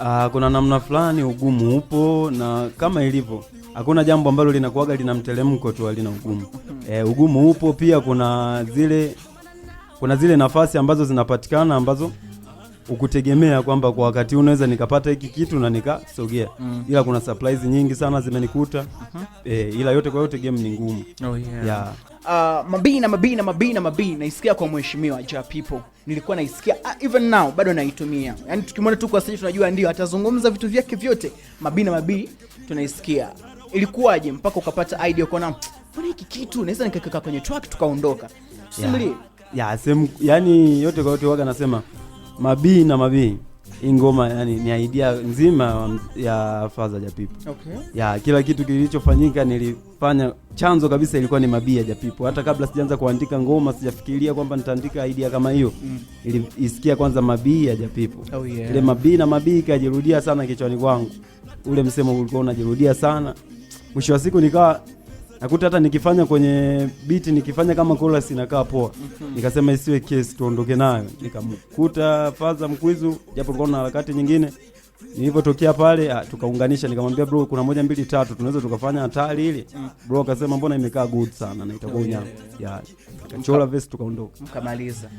uh, kuna namna fulani ugumu upo, na kama ilivyo hakuna jambo ambalo linakuwaga lina mteremko tu alina ugumu. E, ugumu upo pia, kuna zile kuna zile nafasi ambazo zinapatikana ambazo ukutegemea kwamba kwa wakati huu unaweza nikapata hiki kitu na nikasogea mm. Ila kuna surprise nyingi sana zimenikuta uh -huh. E, ila yote kwa yote game ni ngumu. oh, yeah. Yeah. Uh, ah, mabii na mabii na mabii na mabii naisikia kwa mheshimiwa Ja People, nilikuwa naisikia uh, even now bado naitumia, yani tukimwona tu kwa sasa tunajua ndio atazungumza vitu vyake vyote. Mabii na mabii tunaisikia. Ilikuwaje mpaka ukapata idea kwa mbona hiki kitu naweza nikakeka kwenye track tukaondoka? yeah. yeah, same yani yaani yote kwa yote waga nasema mabii na mabii hii ngoma yani ni idea nzima ya Faza Japipo. Okay. Ya kila kitu kilichofanyika nilifanya chanzo kabisa ilikuwa ni mabii ya Japipo. Hata kabla sijaanza kuandika ngoma sijafikiria kwamba nitaandika idea kama hiyo. Mm. iliisikia kwanza mabii ya Japipo. Oh, yeah. mabii na mabii ikajirudia sana kichwani kwangu. Ule msemo ulikuwa unajirudia sana. Mwisho wa siku nikawa nakuta hata nikifanya kwenye biti nikifanya kama chorus inakaa poa, nikasema isiwe case, tuondoke nayo. Nikamkuta Fadha Mkwizu, japo nilikuwa na harakati nyingine. Nilipotokea pale ah, tukaunganisha, nikamwambia bro, kuna moja mbili tatu tunaweza tukafanya hatari ile. Bro akasema mbona imekaa good sana na itakuwa unyama. Yeah. Akachora verse tukaondoka. Mkamaliza.